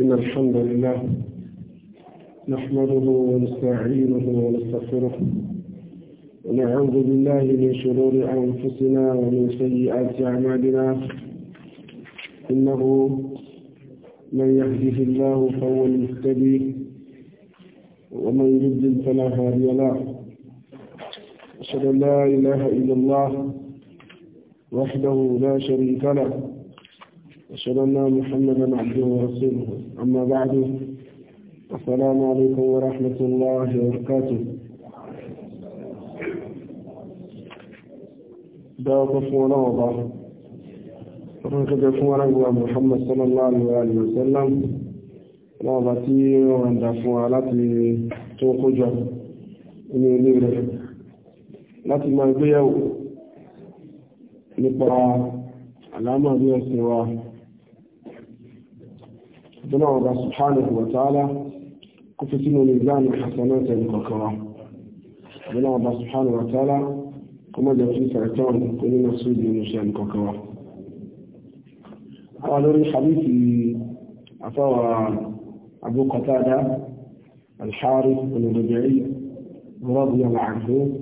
إن الحمد لله نحمده ونستعينه ونستغفره ونعوذ بالله من شرور أنفسنا ومن سيئات أعمالنا إنه من يهده الله فهو المهتدي ومن يضلل فلا هادي له أشهد أن لا إله إلا الله وحده لا شريك له أشهد أن محمدا عبده ورسوله أما بعد السلام عليكم ورحمة الله وبركاته دعوة فونا وضع رنكد فونا محمد صلى الله عليه وسلم وضعتي وعند فوالاتي فونا لاتي توقجا إني ليرة لاتي ما على ما علامة بيسوا دنا الله سبحانه وتعالى كفتين ميزان حسنات المقرة دنا الله سبحانه وتعالى كما جفتين سعتان كل نصيب من الشيء المقرة قال لي حديث أبو قتادة الحارث بن ربيعي رضي الله عنه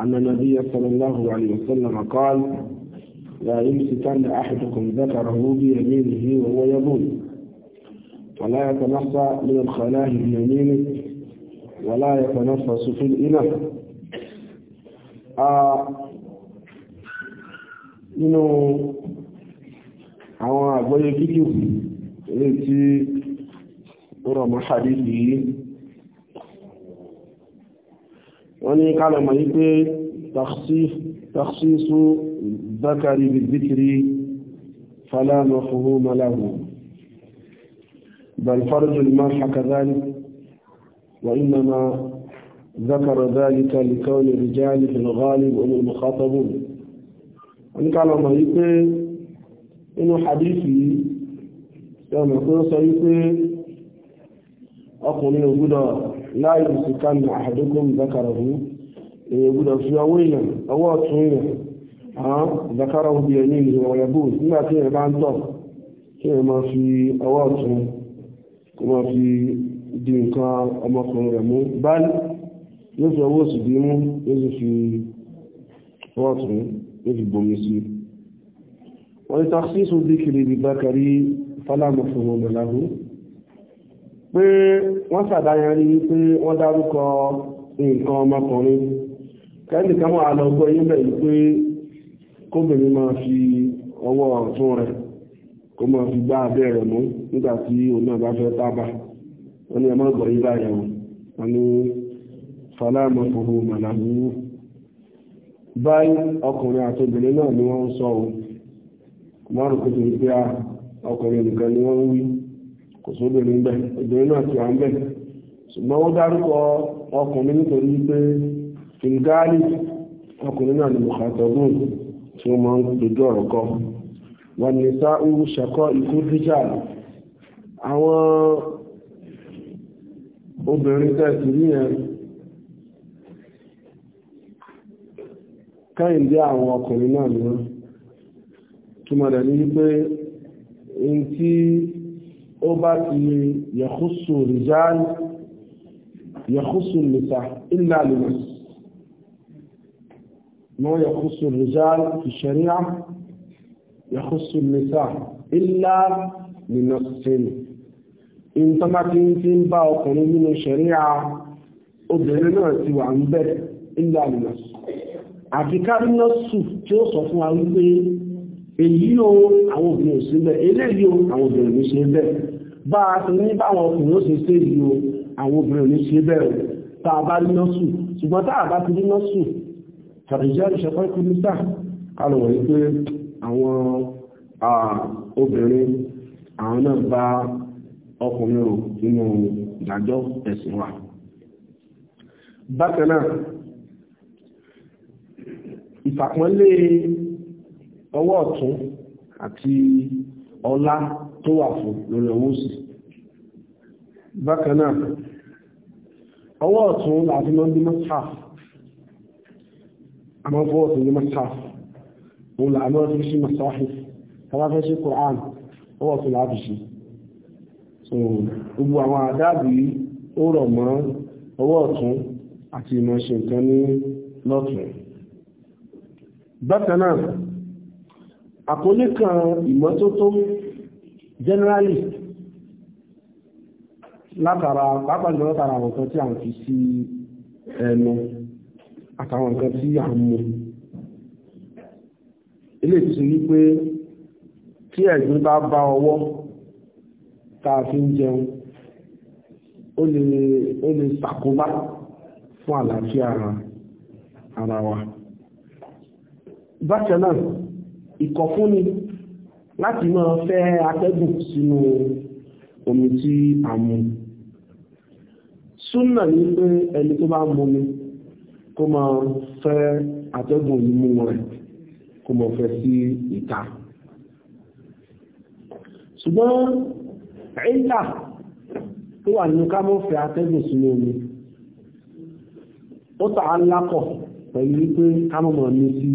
أن النبي صلى الله عليه وسلم قال لا يمسكن أحدكم ذكره بيمينه وهو يبول ولا يتنفى من الخلاه بيمينه ولا يتنفس في الإناء nínú àwọn àgbọ́yé kíkù èyí tí ó rọ̀ mọ́ hadithi yìí wọ́n ní kálọ̀mọ̀ yí pé takhsisu zakari bizikiri fala mafhuma lahu بل فرج المرح كذلك وإنما ذكر ذلك لكون الرجال في الغالب هم المخاطبون أن كان ما يقول إنه حديثي كما يقول سيقول أقول يقول لا يمسكن أحدكم ذكره يقول في أولا أو أطفئنا ها ذكره بيمينه ويبوس ما كان عن طب كما في أواتهم kó máa fi di nǹkan ọmọkùnrin rẹ̀ mú báyìí yóò fi ọwọ́ òsì dín mú yóò sì fi ọwọ́ ọ̀tún yóò fi bomi sí i wọ́n ní takhsis dhikri bi bakari fálàmù fún ọmọ láhùn pé wọ́n sàdáyàn rí pé wọ́n dárúkọ nǹkan ọmọkùnrin kẹ́lì kan mọ́ àlọ́gbọ́ yín bẹ̀ yìí pé kóbìnrin máa fi ọwọ́ ọ̀tún rẹ̀ kó mọ̀ fi gbá abẹ́ mú nígbà tí òun náà bá fẹ́ tábà wọ́n yí wọ́n fòrò màlàmú báyìí ọkùnrin àti obìnrin náà ni wọ́n ń sọ o kò pé ah, ọkùnrin nìkan ni wọ́n ń wí kò sóbìnrin bẹ́ẹ̀ obìnrin náà ti wà ń bẹ́ẹ̀ ṣùgbọ́n wọ́n dárúkọ ọkùnrin nítorí pé ni mùkàtọ́gùn tí wọ́n wà ní sá òru ṣẹ̀kọ́ ikú díjà àwọn obìnrin tẹ́sì ní ẹ̀ káyìndé àwọn ọkùnrin náà ni wọ́n túnmọ̀ rẹ̀ ní wípé in tí ó bá ti yẹ̀kúsù rìjáàlì yẹ̀kúsù nìta ìlà lìmọ̀ mọ́ yẹ̀kúsù rìjáàlì ìṣẹ̀ríà يخص النساء إلا لنص إن تمكن في باقر من الشريعة obìnrin ti wà ń bẹ̀rẹ̀ ilẹ̀ àmìnàṣù àfikárí nọ́sù tí ó sọ fún wa wípé èyí o àwọn obìnrin ò sí bẹ̀ eléyìí o àwọn obìnrin ní ṣe bẹ̀ bá a ti ní báwọn ọkùnrin ó ṣe ṣe yìí o àwọn obìnrin ní ṣe bẹ̀ tá a bá rí nọ́sù ṣùgbọ́n tá a bá ti rí nọ́sù tàbí jẹ́ ìṣẹ́fẹ́ kú níta kálọ̀ wọ̀ wípé àwọn obìnrin àwọn náà bá ọkùnrin rò nínú ìdájọ́ ẹ̀sìn wà. bákan náà ìfàpọ́nlé ọwọ́ ọ̀tún àti ọlá tó wà fún lórí ọwọ́ òsì bákan náà ọwọ́ ọ̀tún láti mọ́ bí mọ́ tàà àmọ́ fọwọ́ ọ̀tún bí mọ́ tàà òun là lọ́wọ́ fi ṣí masáhì tàbá fẹ́ ṣe Qur'an ọwọ́ tó láti ṣe so gbogbo àwọn àdáàbò yìí ó rọ̀ mọ́ ọwọ́ ọ̀tún àti ìmọ̀ ṣe nǹkan ní lọ́tún bákan náà àkọlé kan ìmọ́tótó generally látara pàápàá jùlọ látara àwọn nǹkan tí a ń fi sí ẹnu àtàwọn nǹkan tí a ń mú ilé ti ní pé tí ẹ̀gbin bá bá ọwọ́ tá a fi ń jẹun ó lè ó lè ṣàkóbá fún àlàáfíà ara wa bákan náà ìkọ̀fúnni láti máa fẹ́ atẹ́gùn sínú omi tí a mu súnà ní pé ẹni tó bá mumi kó máa fẹ́ atẹ́gùn imú rẹ̀ kó mọ fẹ́ sí ìta ṣùgbọ́n ẹ̀yà tó wà nínú ká mọ́ fẹ́ atẹ́gùn sínú omi ó tà á lákọ̀ pẹ̀lú wípé ká mọ̀ mọ̀ ní sí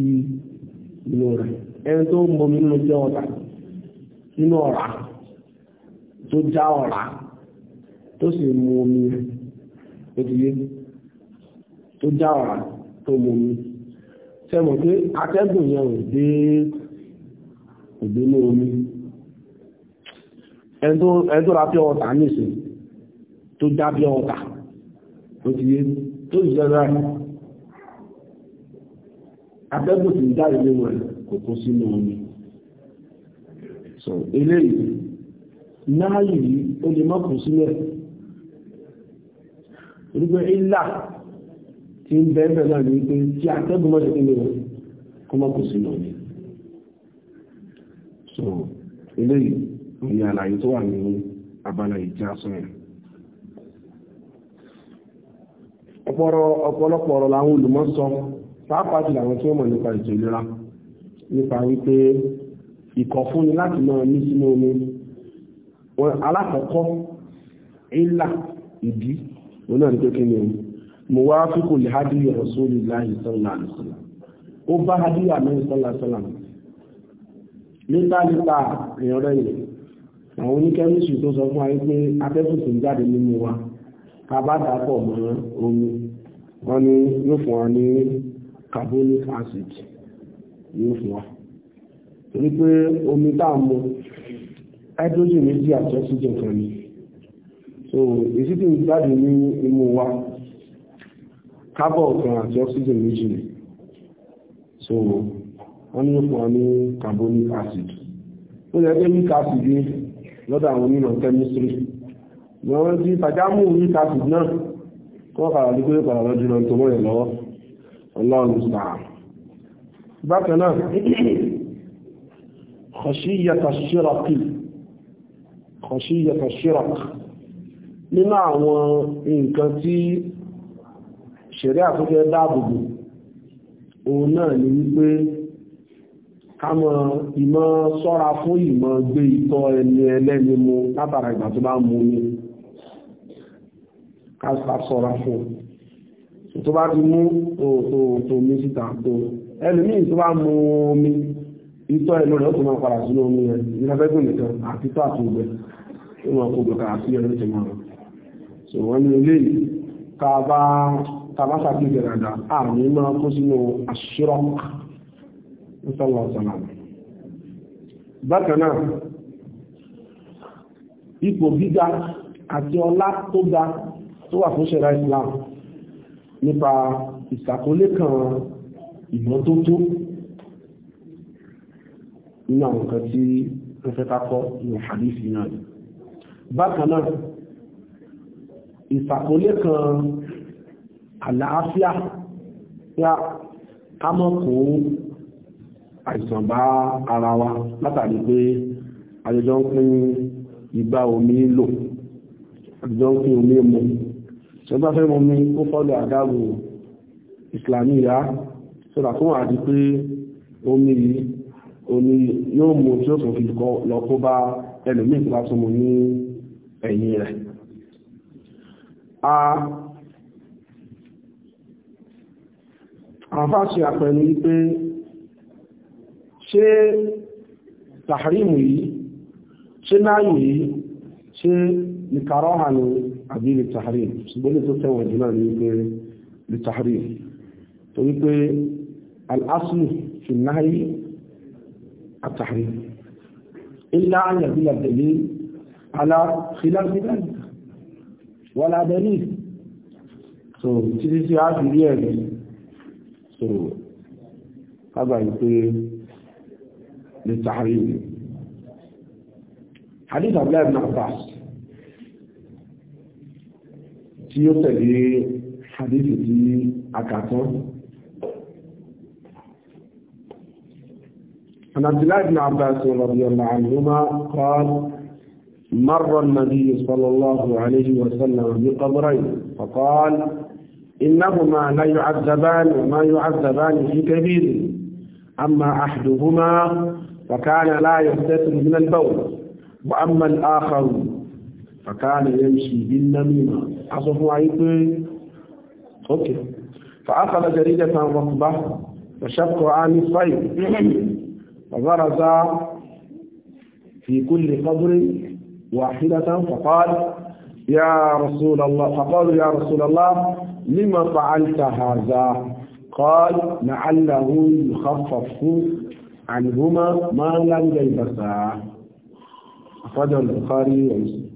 inú rẹ̀ ẹni tó ń mọmi nínú jẹ́ ọ̀tà nínú ọ̀rá tó já ọ̀rá tó sì mu omi rẹ̀ tó já ọ̀rá tó mu omi rẹ̀ sẹ́mọ̀ pé atẹ́gùn yẹn ò dé ìgbénú omi ẹni tó ra pure water ní ìsìn tó já pure water ó ti yé tó sì jẹ́ rẹ̀ atẹ́gùn sì ń jáde nínú ẹ̀ kò kó sínú omi so eléyìí náà yìí ó lè mọ́kùn sílẹ̀ rúgbẹ́ ilá tí ń bẹ́ẹ̀ bẹ́ẹ̀ náà ní pé tí atẹ́gùn mọ́ ṣe lè kó mọ́ kò sí lọ ní so eléyìí ní àlàyé tó wà ní abala ìjà sọ́yìn ọ̀pọ̀lọpọ̀ ọ̀rọ̀ làwọn olùmọ̀ sọ pàápàá jùlọ àwọn tí wọ́n mọ̀ nípa ètò ìlera nípa wípé ìkọ̀fúnni láti máa mí sínú omi alákọ̀ọ́kọ́ ìlà ìdí òun náà ní pé kí ni omi muwafiqu li hadi rasulillahi sallallahu alaihi wasallam ó bá hadi amen sallallahu alaihi wasallam leta leta eyan re ni àwọn ni chemistry tó sọ fún ayé pé atẹ́gùn tin jáde nínú wa ká bá dà pọ̀ mọ́ omi wọ́n ní yóò fún wa ní carbonic acid yóò fún wa torí pé omi tá mu hydrogen méjì àti oxygen kan ni so èsì tí ń jáde ní wa kábọ̀ kan àti oxygen méjì ni so wọ́n ní fún wa ní carbonic acid ó yẹ pé mic acid ní lọ́dọ̀ àwọn onímọ̀ chemistry wọ́n ti pàjámù mic acid náà kọ́ kàrà ní pé kàrà lọ́dún náà tó mọ́yẹ̀ lọ́wọ́ ọlọ́run sàá bákan náà syrup, shiraki khashiyata syrup. nínú àwọn nǹkan tí ṣẹ̀rí àtúnfẹ́ dáàbòbò òun náà ni wípé kámọ ìmọ̀ sọ́ra fún ìmọ̀ gbé ìtọ́ ẹni ẹlẹ́ni mu látara ìgbà tó bá mú ní káàkiri sọ́ra fún tó bá ti mú tó mí síta tó ẹlòmíì tó bá mú omi ìtọ́ ẹnu rẹ̀ ó tó máa padà sínú omi rẹ̀ ìrẹ́fẹ́gbẹ̀ nìkan àti tó àti ìgbẹ́ ó máa kó gbẹ̀kà àti ẹ̀rọ ìtẹ̀mọ̀ rẹ̀ so wọ́n ní ilé ká tàbátà bí gẹ̀rẹ̀dà àmì máa kó sínú àṣírọ́ ìsọ́lọ̀ọ̀sọ̀lá bákanáà ipò gíga àti ọlá tó ga tó wà fún ṣẹ̀rá Islam nípa ìsàkólé kan ìmọ́tótó nínú àwọn nǹkan tí wọ́n fẹ́ kákọ́ ní hadithi náà bákanáà ìsàkólé kan àlàáfíà yá ká mọ́ kó àìsàn bá ara wa látàrí pé àjọjọ́ ń pín ìgbà omi lò àjọjọ́ ń pín omi mu tó bá fẹ́ mọ́mí ó fọ́lọ̀ àdáàbò ìsìlámì yá sọ́dà fún àti pé omi yìí omi yóò mú tí ó tún fi lọ kó bá ẹlòmíì tó bá tún mu ní ẹ̀yìn rẹ̀ àfáṣe àpẹẹlú wípé ṣé tàhrímù yìí ṣé náàyù yìí ṣé nìkàrọ̀ hànú àbí lè tàhrímù ṣùgbọ́n lè tó tẹ́wọ̀n jù náà ní wípé lè tàhrímù tó wípé al'aslu fi náàyù àtàhrímù ilá àyàbí àtẹ̀lé aláfilásílẹ̀ wọ́n lábẹ́ ní so so kágbà yìí pé lè tààrí ni hadith abdullahi ibn abbas tí ó tẹ̀lé hadith tí a kà tán عن عبد الله بن عباس رضي الله عنهما قال مر النبي صلى الله عليه وسلم بقبرين فقال إنهما لا يعذبان وما يعذبان في كبير أما أحدهما فكان لا يحتسب من البول وأما الآخر فكان يمشي بالنميمة أصف عيبه أوكي فأخذ جريدة رطبة وشق عن الصيف فبرز في كل قبر واحدة فقال يا رسول الله فقالوا يا رسول الله لما فعلت هذا قال لعله يخفف عنهما ما لم يلبسا أخرجه البخاري ومسلم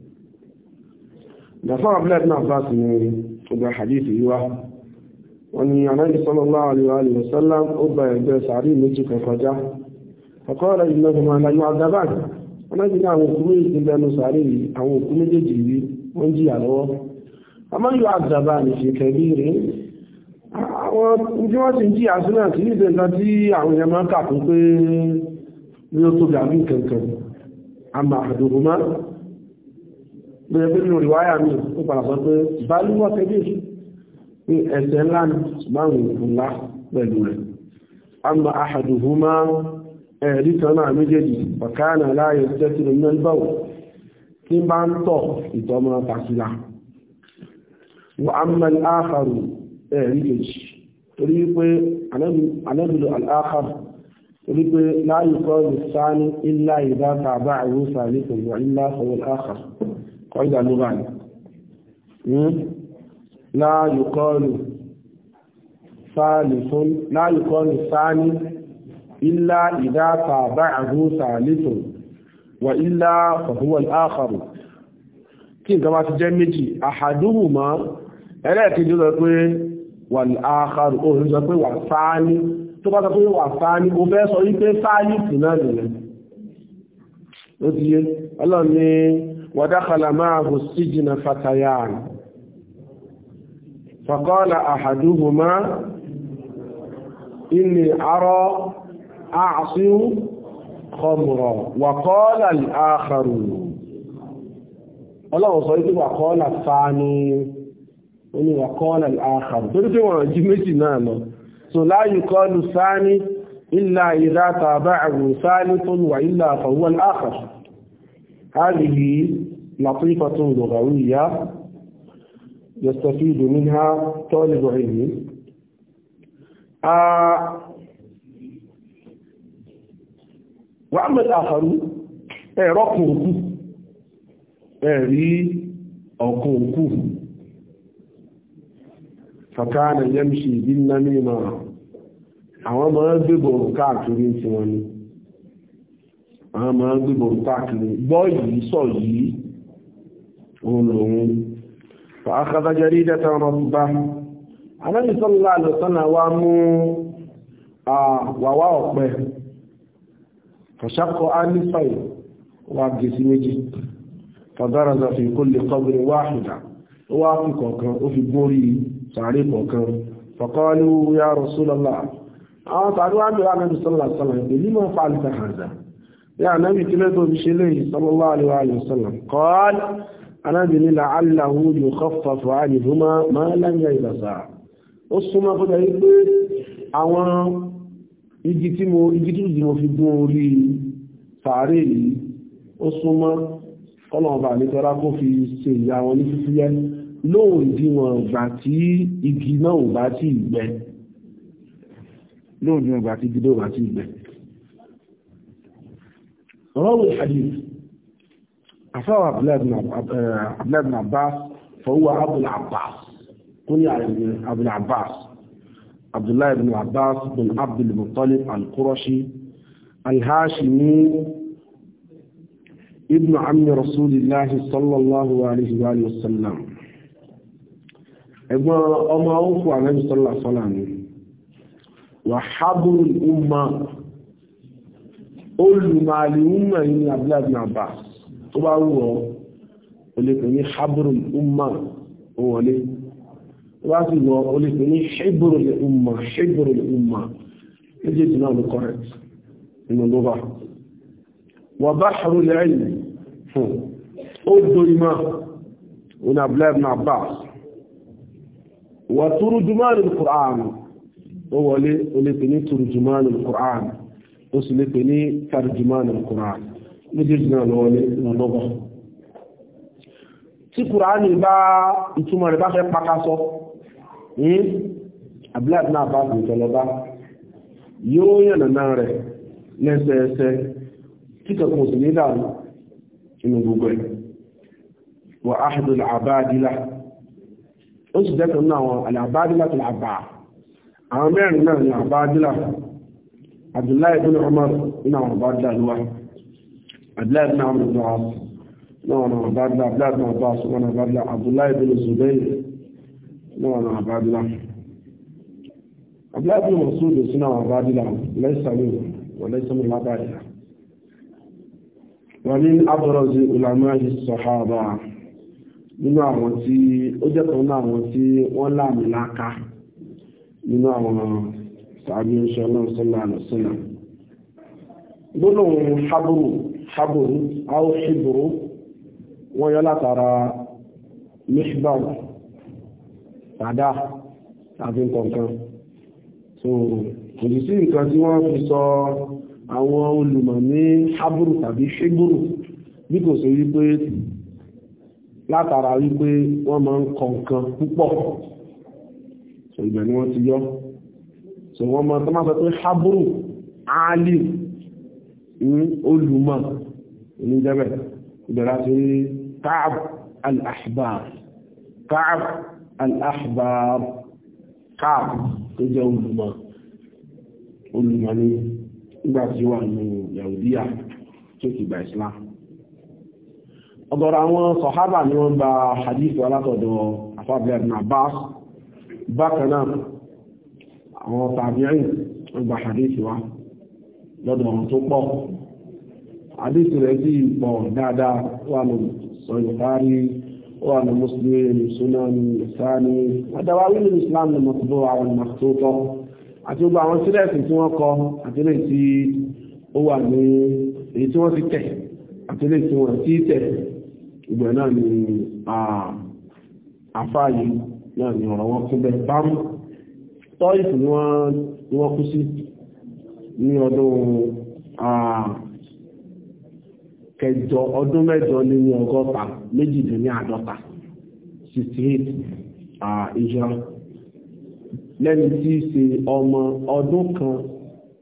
دفع بلاد بن عباس من أبا حديث إيوه وأن النبي صلى الله عليه وآله وسلم أبا يدرس عليه مجيك فجاه فقال إنهما لا يعذبان ونجد أن يكون يجب أن نسعريه أو يكون يجب أن يجب àmọ́ yóò àdàbà nìṣe tẹ̀lé rẹ̀ àwọn tí wọ́n ti ń jí àsúná sí ìdẹ̀ nǹkan tí àwọn èèyàn máa ń kà fún pé ní ó tóbi àbí kankan àmà àdògùn má bẹ́ẹ̀ pé nínú ìwáyà mi ó padà sọ pé balúwọ́ tẹ́lẹ̀ ní ẹ̀sẹ̀ ńlá ní ṣùgbọ́n ńlá pẹ̀lú rẹ̀ àmà àdògùn má ẹ̀rí kan náà méjèèjì ọ̀kánà láàyè tẹ́tìrì náà tí bá ń tọ̀ ìtọ́mọ́ tàṣílá wọ́n amẹ́ àkàrù ẹ̀rí kejì torí pé anábìlò àkàrù torí pé láàyè kọ́ọ̀lù sáni ilá ìdá tàbá àwọn sàlẹ̀ pẹ̀lú ilá sọ̀rọ̀ àkàrù kọ́ ìdá ló bá ní. láàyè kọ́ọ̀lù sáni ilá ìdá tàbá àwọn sàlẹ̀ pẹ̀lú wà ilá sọ̀rọ̀ àkàrù kí nǹkan bá jẹ́ méjì àhàdúhùmá ẹlẹ́ẹ̀kejì sọ pé wà ní àkàrù òun sọ pé wà sáání tó bá sọ pé wà sáání o fẹ́ sọ wípé sáání tì náà nìyẹn ó ti yé ọlọ́run wàdákàlà máa hù síjìnà fatayán fàkọ́ọ̀lá àhàdúhùmá inni arọ́ àṣírù khamra wàkọ́ọ̀lá àkàrù ọlọ́run sọ wípé wàkọ́ọ̀lá sáání oní wàkọ́ọ̀lá àkàrù torí tí wọ́n jí méjì náà lọ so láyé kọlu sáání ilá ìdáta bá àrùn sáání fún wà ilá àfọwọ́l àkàrù hàrìlì làtífàtún lọ́gbàwíyá yastafidu minha tọ́lìbọ̀ ìlú wàmù àkàrù fàkánà yẹ́mṣì ìdínà mímọ̀ àwọn máa ń gbébòrò káàkiri tí wọ́n ní àwọn máa ń gbébòrò káàkiri gbọ́ yìí sọ yìí òun lòun fàákàtà jẹ́rí dẹ́ta rọ̀bá alábìsọ́lá àlọ́sánà wa mú wàwá ọ̀pẹ fàṣàkọ́ ánífàì wa gẹ̀ẹ́sì méjì fàdárazà fi kó lè kọ́bìnrin sàárè kọ̀ọ̀kan fọ̀kọ́lù ya Rasulullah àwọn sàárè wá bèèrè ànábì sallallahu alaihi wasallam èyí máa fa àlùkà hàzà ya ànábì kí lẹ́tọ̀ fi ṣe léyìí sallallahu alaihi wasallam kọ́ọ̀lù ànábì ní la'allahu yukhaffafu anhuma ma lam yalbasa ó súnmọ́ fún ẹ̀yí pé àwọn igi tí mo igi tí mo fi lóòdìwọ̀n ìgbà tí igi náà ò bá ti gbẹ lóòdìwọ̀n ìgbà tí igi náà ò bá ti gbẹ rọ́wọ̀ hadith afáwà abúlẹ́bìn eh, abbas fọwọ́ abúlẹ́ abbas kó ní abúlẹ́ abbas abdullahi ibn abbas bin abdul muttalib al-qurashi al-hashimi ibn ammi rasulillahi sallallahu alaihi wa sallam ẹ̀gbọ́n ọmọ ọ̀fọ̀ ànábì sọ́lá sọ́lá ni wàhábùrù umma olùmọ̀àlì umma yìí ní abúlé àbá tó bá wù ọ́ olùkọ́ ní hábùrù umma òwọlé tó bá sì wọ́ olùkọ́ ní ṣíbùrù umma ṣíbùrù umma méjèèjì náà ló correct nínú ló bá wà bá ṣàrò lẹ́yìn fún ó dorí mọ́ òun abúlé àbá wà turjumanu al-Qur'an ó wọlé ó lè pè ní turjumanu al-Qur'an ó sì lè pè ní tarjumanu al-Qur'an méjèèjì náà lọ́wọ́ ní ìrànlọ́gbọ̀ tí kùránì bá ìtumọ̀ rẹ̀ bá fẹ́ pakasọ hmm, ní abúláàdì náà bá gùn tọ́lọ́bá yóò yànnà náà rẹ̀ lẹ́sẹẹsẹ kíkẹ̀kùn sí ní dàrú inú gbogbo ẹ̀ wà áhìdùn ó sì jẹ́kọ̀ọ́ ní àwọn àlàbádìlá tó àbà àwọn mẹ́rin náà ni àbádìlá Abdullahi bin Umar ní àwọn àbádìlá ló wá Abdullahi bin Amr bin As ní àwọn àbádìlá Abdullahi bin Abbas ní àwọn àbádìlá Abdullahi bin Zubair ní àwọn àbádìlá Abdullahi bin Masud sí àwọn àbádìlá lẹ́sàmì wọ̀lẹ́sàmì lábàdìlá wà ní abdọ́rọ̀zì ìlànà ìsọ̀hábà nínú àwọn tí ó jẹ́ kan nínú àwọn tí wọ́n láàmì láká nínú àwọn sàbí oṣù ọlọ́run sọ́lá àlọ́sọ́lá gbólóhùn haburu haburu áwọ̀ ṣíburu wọ́n yọ látara mishbal padà àti nǹkan so kò sí sí nǹkan tí wọ́n fi sọ àwọn olùmọ̀ ní haburu tàbí ṣíburu bí kò sí wípé látara wípé wọ́n máa ń kọ nǹkan púpọ̀ so ìgbà ni wọ́n ti yọ so wọ́n máa tó máa sọ pé habru alim ní hmm, olùmọ̀ oníjẹ́bẹ̀ ìbẹ̀rẹ̀ àti káàb al-ahbar káàb al-ahbar káàb tó jẹ́ olùmọ̀ olùmọ̀ ní ìgbà tí wà ní yahudiya tó ti gba islam ọ̀gọ̀rọ̀ àwọn sọ̀hábà ni wọ́n gba hadith wá látọ̀dọ̀ àfáàbílẹ̀ ibn Abbas bákan náà àwọn tàbíyàn wọ́n gba hadith wá lọ́dọ̀ ọ̀rọ̀ tó pọ̀ hadith rẹ̀ sì pọ̀ dáadáa wà ní sọ̀yọ̀kárí wà ní muslim sunan isani adáwà wílì islam ní mọ̀tòbó àwọn mọ̀tòtọ́ àti gbogbo ti tẹ̀ àti lè ìgbẹ̀ náà ni àfáàyè náà ni ọ̀rọ̀ wọn kún bẹ bámú tọ́ìfù ni wọ́n kú sí ní ọdún kẹjọ ọdún mẹ́jọ lé ní ọgọ́ta méjìdínní àádọ́ta 68 ìjọ lẹ́ni tí í ṣe ọmọ ọdún kan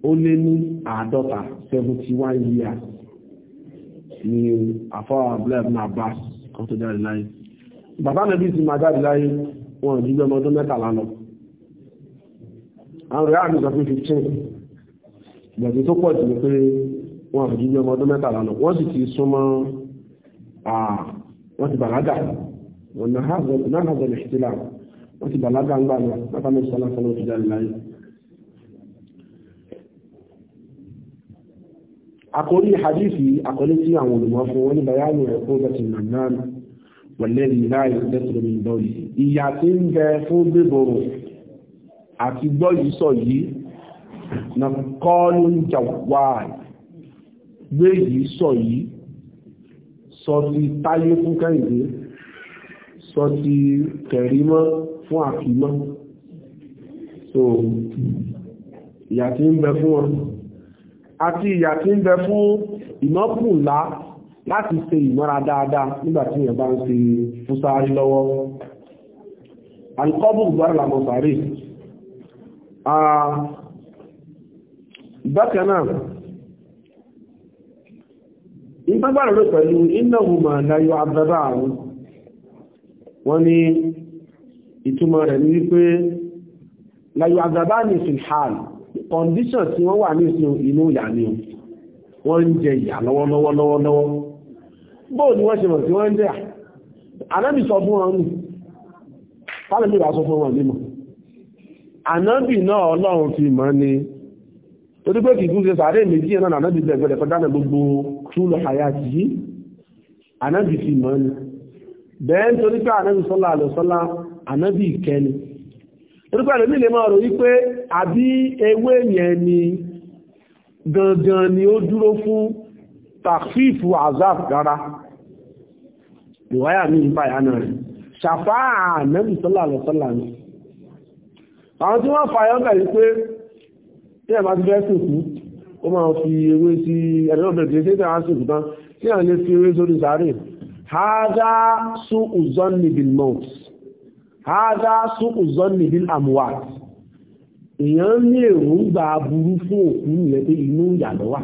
ó lé ní àádọ́ta 71 years ní àfáwà abúlẹ́bùn abbas kan tó jáde láyé bàbá nàbí ti máa jáde láyé wọn jí gbẹmọ ọdún mẹ́tàlá lọ àwọn rẹ̀ àmì ìjọpín 15 gbẹ̀gbẹ̀ tó pọ̀ jù ní pé wọn jí gbẹmọ ọdún mẹ́tàlá lọ wọ́n sì ti súnmọ́ wọ́n ti bàlágà wọ́n náà hàzọ̀ lè ṣe láàrín wọ́n ti bàlágà ń gbà náà látàmì ìṣẹ́lá àkórí hadithi àkọlé tí àwọn olùmọ̀ fún wọn ní bayanu ẹ̀kọ́ bẹ́tì mannan wọ̀lẹ́rì láì bẹ́tì min bọ́ọ̀lì ìyà tí ń bẹ fún bíbòrò àti gbọ́ yìí sọ yìí na kọ́ọ̀lù ń jà wáì gbé yìí sọ yìí sọ ti táyé fún kẹ́hìndé ti kẹ̀rímọ́ fún àkìmọ́ so ìyà tí ń bẹ fún àti ìyà tí ń bẹ fún ìnákùnlá láti ṣe ìmọ́ra dáadáa nígbà tí èèyàn bá ń ṣe fúsáárí lọ́wọ́ alikọ́bù gbọ́rọ̀ làmọ̀ sàárè bákan náà ìgbàgbàrà rẹ̀ pẹ̀lú ináhùmà láyọ abẹ́bà àrùn wọ́n ní ìtumọ̀ rẹ̀ ní wípé láyọ abẹ́bà ní fìlhálì condition tí wọ́n wà ní ìsìn inú ìyà ni wọ́n ń jẹ ìyà lọ́wọ́lọ́wọ́ lọ́wọ́lọ́wọ́ bóò ni wọ́n ṣe mọ̀ tí wọ́n ń jẹ́ ànábì sọ fún wọn nù fálẹ́bì wà sọ fún wọn nímọ̀ ànábì náà ọlọ́run fi mọ̀ ni torí pé kìí gúnṣe sàárè méjì ẹ̀ náà ànábì bẹ̀rẹ̀ kọ́ dáná gbogbo túlọ̀ àyàtì yìí ànábì fi mọ̀ ni bẹ́ẹ̀ nítorí pé ànábì sọ́lá àlọ́sọ́lá ànábì ìkẹni torípé àlòmí lè máa rò wípé àbí ewé yẹn ni gangan ni ó dúró fún tàfíìfù azaf rárá ìwáyà mi ń báyà náà rẹ̀ ṣàfáà nẹ́bì sọ́là lọ́sọ́là ni àwọn tí wọ́n fàyọ́ bẹ̀ wípé tí ẹ̀ máa ti fẹ́ sìnkú ó máa fi ewé sí ẹ̀rọ bẹ̀rẹ̀ tí ó sìnkú tán tí ẹ̀ lè fi ewé sórí sáré hádá sún ùzọ́nì bìlmọ́ọ̀tì hádá súnkù zọ́nì bí àmúwà èèyàn ní èròǹgbà aburú fún òkú rẹ̀ pé inú ìyàlọ́ wà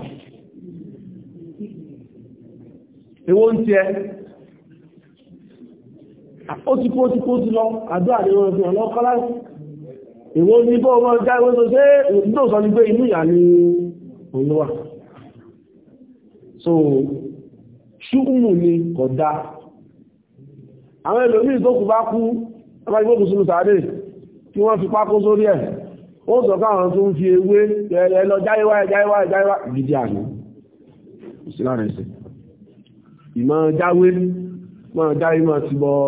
ewó ń tiẹ̀ ó ti kó ti kó ti lọ àdó àdéhùn ọ̀fìn ọlọ́kọ́lá èwo ní bọ́ ọmọ ọjá ìwé tó ṣe ìdó sọ ní pé inú ìyà ni òun so ṣúkùmù ni kódà àwọn ẹlòmíì tó bá kú ọba ìgbókù sínú sàárè tí wọ́n fi pákó sórí ẹ̀ ó sọ káwọn tó ń fi ewé ẹ jáyéwá jáyéwá jáyéwá gidi àná sí lára ẹsẹ̀ ìmọ̀ jáwé mọ̀ jáwé mọ̀ ti bọ̀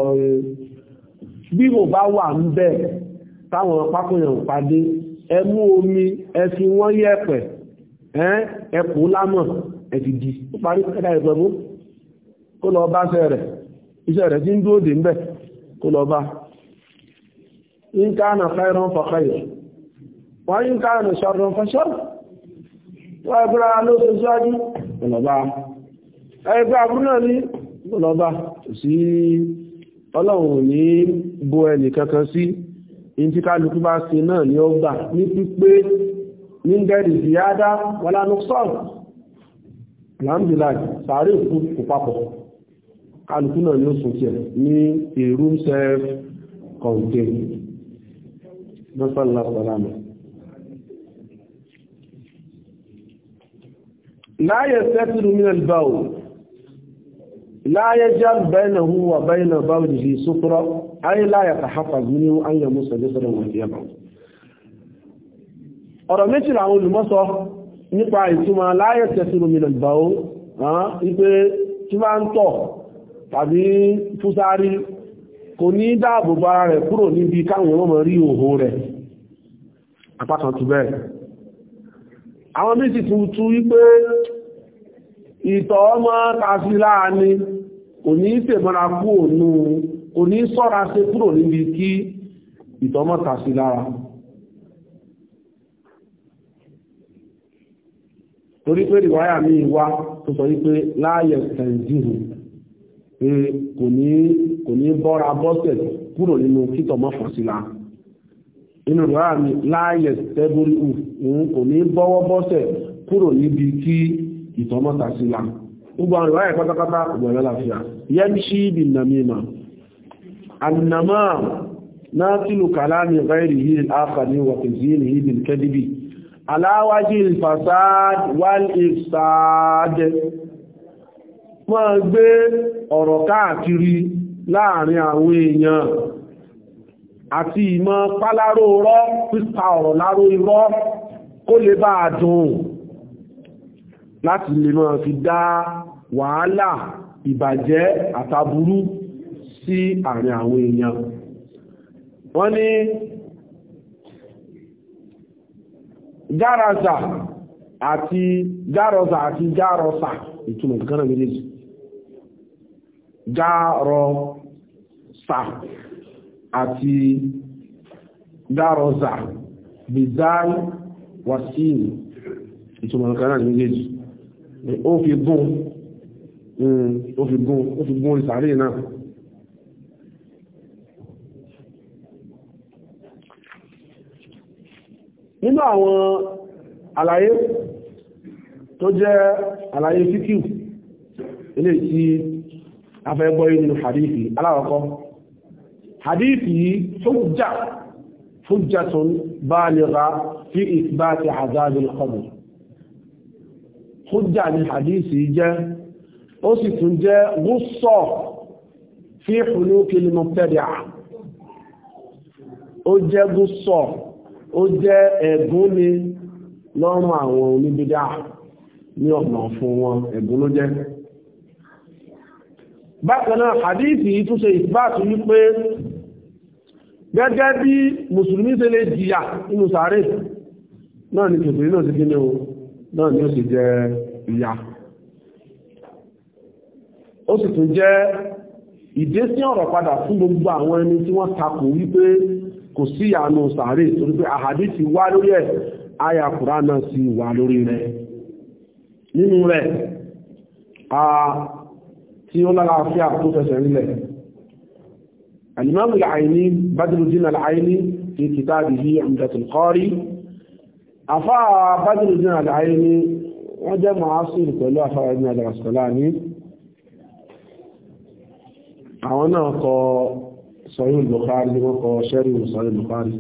bí mo bá wà ń bẹ̀ táwọn pákó yẹn pàdé ẹ mú omi ẹ wọ́n yẹ̀pẹ̀ ẹ kò lámọ̀ ẹ ó parí ẹ̀dá ìpẹ̀mú kó lọ bá iṣẹ́ rẹ̀ iṣẹ́ rẹ̀ ti ń dúró dé ń bẹ̀ kó lọ bá إن كان خيرا فخير وإن كان شرا فشر ويقول له سيساجي ọlọ́ba ẹgbẹ́ àbúrúnà ní ọlọ́ba Si ọlọ́run ní bo ẹnì kankan sí in tí kálukú bá ṣe náà ni ọgbà ní pípé ní gẹ̀rì ìyáadá wọlá ní sọ́ọ̀rọ̀ lámbìláì sàárè òkú kò papọ̀ kálukú náà ní ó sùn tiẹ̀ ní a room self contained نسأل الله السلامة لا يستتر من البول لا يجعل بينه وبين بوله سترة أي لا يتحفظ منه أن يمس جسرا وثيابه ọ̀rọ̀ méjì làwọn olùmọ́sọ nípa ìtumọ̀ láyẹ̀ tẹ̀sìrò mi lọ́gbà ó wípé tí bá ń tọ̀ tàbí fúsárí kò ní dáàbò bo ara rẹ̀ kúrò níbi káwọn èèyàn mọ̀ rí òhò rẹ̀ apákan tún bẹ́ẹ̀ àwọn méjì tuntun wípé ìtọ̀ ọmọ tàṣílá ni kò ní tèmọ́ra kúrò nú kò ní sọ́ra ṣe kúrò níbi kí ìtọ̀ ọmọ tàṣílá torí pé ìwáyà mi wá tó sọ wípé láàyẹ̀ tẹ̀ǹdìrù pé kò ní kò ní bọ́ra bọ́sẹ̀ kúrò nínú títọ̀ mọ́fọ̀ síla inú rẹ̀ àmì láàyè tẹ́bùrì òun kò ní bọ́wọ́ bọ́sẹ̀ kúrò níbi kí ìtọ́mọ́ta síla gbogbo àwọn ìwáyẹ̀ pátápátá ọgbọ̀rẹ́ láfíà yẹ́mṣí bí nàmímà annama náà tílù kàlámi gáìrì yìí àkàní wàkìzíìnì yìí bìl kẹ́dìbì aláwájí ìfàsáàdì wal ìfàsáàdì máa gbé ọ̀rọ̀ káàkiri láàrin àwọn èèyàn àti ìmọ̀ pálárò rọ́ pípa ọ̀rọ̀ láró irọ́ kó lè bá dùn láti lè máa fi dá wàhálà ìbàjẹ́ àtàbúrú sí àárín àwọn èèyàn wọ́n ní járasa àti járọsa àti járọsa ìtumọ̀ kankan méjèèjì dárọ̀ sà àti dárọ̀ zà bizai wasini ìtumọ̀ nǹkan náà méjèèjì hmm, ó fi gún ó fi gún ó fi gún ìsàrí náà nínú àwọn àlàyé tó jẹ́ àlàyé fíkíù ilé tí afẹ́gbọ́ yìí nínú hadithi aláwọ̀kọ́ hadithi yìí hujja hujjatun baligha fi ithbati azabil qabr hujja ni hadithi jẹ́ ó sì tún jẹ́ gúsọ̀ fi hulukil mubtadi'a ó jẹ́ gúsọ̀ ó jẹ́ ẹ̀gún ni lọ́rùn àwọn oníbídà ní ọ̀nà fún wọn ẹ̀gún ló jẹ́ bákanáà hadithi tún ṣe ìsbáàtù wípé gẹ́gẹ́ bí mùsùlùmí ṣe lè jìyà inú sàárè náà ni kìfìrí náà ti gíní o náà ni ó sì jẹ ìyà ó sì tún jẹ́ ìdésí ọ̀rọ̀ padà fún gbogbo àwọn ẹni tí wọ́n takò wípé kò sí ìyànú sàárè torí pé àhàdìsí wá lórí ẹ̀ àyà Kùránì náà wà lórí rẹ̀ nínú rẹ̀ tí ó lára fi àtó fẹsẹ̀ rílẹ̀ alimami al'aini badrudin al'aini fi kitabihi umdatul qari afa badrudin al'aini wọ́n jẹ́ ma'asir pẹ̀lú afa ibn al-asqalani àwọn náà kọ sọ́yìn al-bukhari wọ́n kọ sẹ́rí sọ́yìn al-bukhari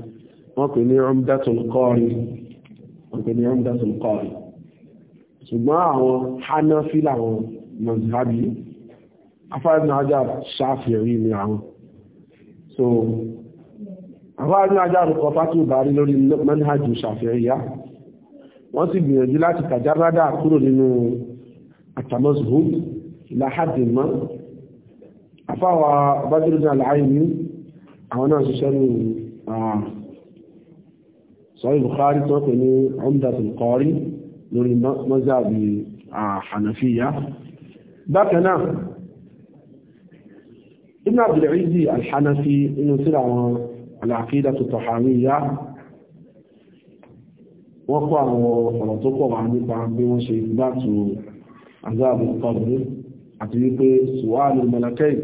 wọ́n pè ní umdatul qari wọ́n ṣùgbọ́n àwọn hanafi làwọn mazhabi afáàdì náà ajá ni àwọn so afáàdì náà ajá rúkọ fátí ìbárí lórí manhajù ṣáàfìrí yá wọ́n sì gbìyànjú láti tàjárádà kúrò nínú àtàmọ́sùhù láhàdì mọ́ afáwà bájúrúdà láàáyí àwọn náà ṣiṣẹ́ ní sọ́yí Bukhari tó pè ní Umdatul Qari lórí mọ́zàbí Hanafiya bákanáà ibn abdulaziz alhanafi inú síra wọn alàkídà tó tọ̀hàwíyá wọ́n kọ́ àwọn ọ̀rọ̀ tó pọ̀ wá nípa bí wọ́n ṣe gbàtù azáàbù kọ́bùrú àti wípé sùwáàlù mọ̀lákẹ́ì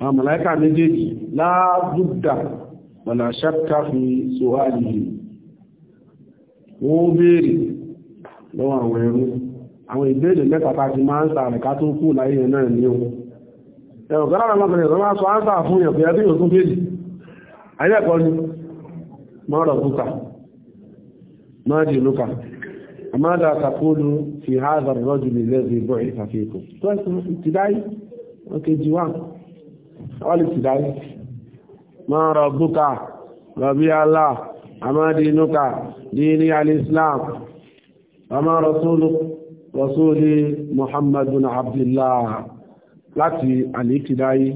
àwọn mọ̀láíkà méjèèjì láàbùdà mọ̀láṣẹ́ká fi sùwáàlù yìí wọ́n béèrè lọ́wọ́ àwọn ẹrú àwọn ìbéèrè mẹ́ta tá ti máa ń sàrẹ̀ká tó kú láyé náà ní ohun ẹ̀rọ kan lára mọ́kànlẹ̀ ìrọ̀lá sọ áńsà fún èèyàn pé ẹbí òkú bèèrè ayẹ́kọ́ ni mọ́rọ̀ búkà mọ́rọ̀ lúkà àmọ́dá àtàkóòlù fi házà rọ́jù lè lẹ́sẹ̀ ìbọ̀ ìfàfíkò tó ẹ̀sùn ìtìdáyì ọkẹjì wà ọlì ìtìdáyì mọ́rọ̀ búkà rọ̀bí alá àmọ́dí lúkà dínì alìsílám ọmọ rọ̀súlù rọ̀súlì muhammadun abdullah láti àlékìdáyé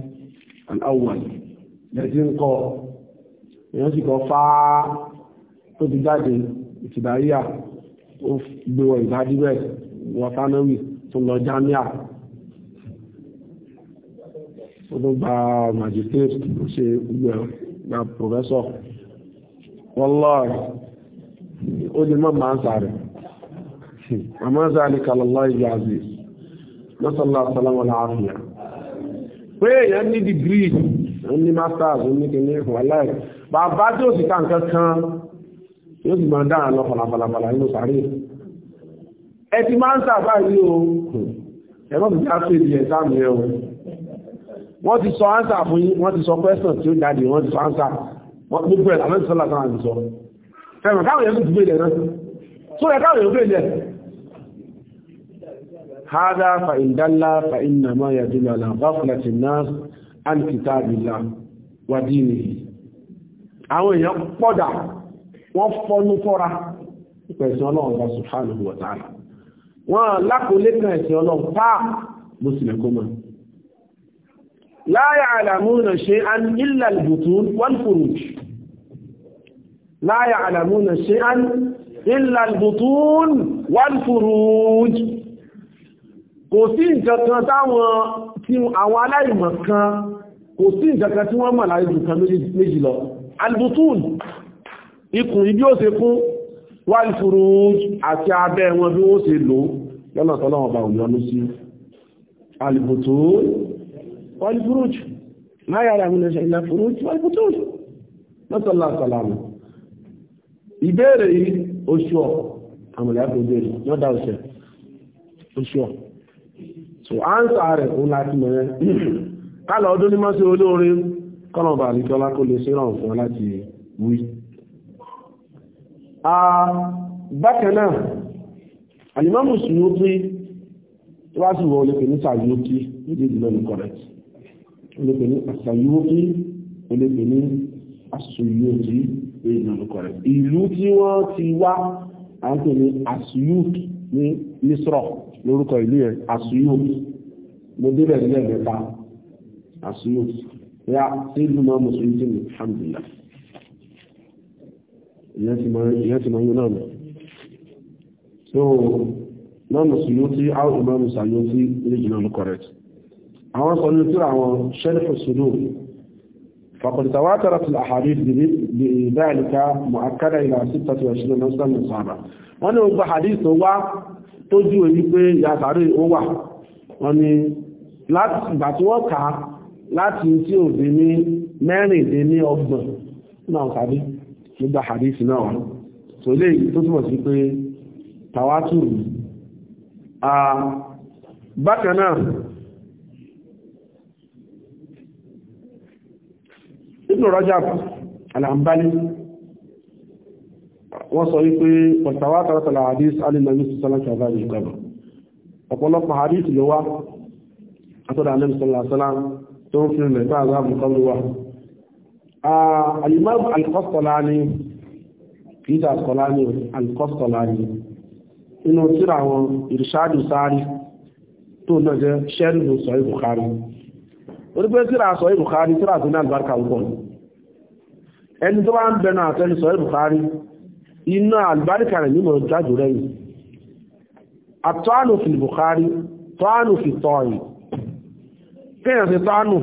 aláwọ̀n lẹ́tí ń kọ èyàn sì kọ fáá tó ti jáde ìtìdáyíà ó gbé wọ ìdádíbẹ̀ wọ tánáwì tó lọ jámíà ó tó gba magistrate ó ṣe gbogbo ẹ̀ gba professor wallahi ó di mọ́ máa ń sáré àmọ́ sáré kàlọ́lá ìyá aziz lọ́sọ̀lá sàlámọ́lá àfíà pé èèyàn ní dìgírì ó ní masters ó ní kìíní ìfún aláì bàbá tí ó sì ká nǹkan kan yóò sì máa dára lọ fàlàfàlàfàlà nínú sàárè ẹ ti máa ń sàbá yìí o ẹ̀rọ mi já fèdí ẹ̀ sáàmù ẹ̀ o wọ́n ti sọ ánsà fún yín wọ́n ti sọ pẹ́sàn tí ó jáde wọ́n ti sọ ánsà gbogbo ẹ̀ làwọn ti sọ làtàn àti sọ fẹ̀mọ̀ káwọn yẹn tó ti gbé ilẹ̀ náà tó yẹ káwọn yẹn gbé ilẹ̀ هذا فإن دل فإنما يدل على غفلة الناس عن كتاب الله ودينه àwọn èèyàn pọ̀dà wọ́n fọ́nú fọ́ra ìpẹ̀sìn ọlọ́run bá subhanahu wa ta'ala wọ́n lákòólé kan ẹ̀sìn ọlọ́run pàá bó sílẹ̀ kó mọ́ la ya'lamuna shay'an illa al-butun wal-furuj la ya'lamuna shay'an illa al-butun wal-furuj kò sí ìjọkan táwọn tí àwọn aláìmọ̀ kan kò sí ìjọkan tí wọ́n mọ̀ láìjù kan méjì lọ albutun ikùn ibi ó ṣe kún wà ìfúrú àti abẹ́ wọn bí wọ́n ṣe lò lọ́nà tọ́lọ́wọ̀n bá òyọnú sí albutun wà ìfúrú jù máa yára àwọn ẹ̀ṣẹ̀ ilẹ̀ fúrú jù wà ìfúrú jù lọ́tọ̀lá sàlámù ìbéèrè yìí oṣù ọ̀ àmàlẹ́ àpò ìbéèrè yọ́dá ọ̀sẹ̀ oṣù ọ̀ so ánsà rẹ̀ òun láti mọ̀ yẹn kálọ̀ ọdún ní mọ́sí olóore kọ́nàbà àríkọ́lá kó lè ṣíràn fún láti wí bákan náà alimọ́mù sùúrùtí tó bá sì wọ olè pè ní sàyókí méjèèjì lọ́nà correct olè pè ní sàyókí olè pè ní asùyókí méjèèjì lọ́nà correct ìlú tí wọ́n ti wá à ń ní asùyókí ní Misra lórúkọ ìlú yẹn àsúyò mo débẹ̀ nílẹ̀ mẹ́ta àsúyò ya sí ìlú mọ́ mùsùlùmí sí mi alhamdulillah ìyẹn ti mọ yín náà lọ so mọ́ mùsùlùmí tí a ò mọ́ mùsùlùmí sí ilé jìnnà ló correct àwọn sọ ní tí àwọn sharh as-sudur فقد تواترت الاحاديث بذلك مؤكده الى 26 نصا من صحابه وانا حديث هو tó júwe wípé ya ó wà wọ́n ní láti lati láti tí ò ní mẹ́rìndín ní ọgbọ̀n náà tàbí nígbà hadith náà tó lè tó túnmọ̀ sí pé tàwátù bákan náà Ibn wọ́n sọ wípé pọ̀tàwà tàbátàlà hadith alìlọ́wí sọ́lá kàbá ní ìgbàmà ọ̀pọ̀lọpọ̀ hadith ló wá àtọ́dà alẹ́ sọ́lá tó ń fi rìn lẹ́gbà àzáàbù kọlu wa alimam al-Qastalani peter inú tíra wọn irshadu sari tó náà jẹ́ sẹ́rìnù sọ́yí Bukhari orí tíra sọ́yí Bukhari tíra tó ní albarka ń ẹni tó bá ń bẹnu àtẹ́lù sọ́yí Bukhari iná àlùbáríkà rẹ̀ nínú jáde rẹ̀yìn àtọ́ànù fi Bukhari tọ́ànù fi tọ́ọ̀yìn kéèyàn ti tọ́ànù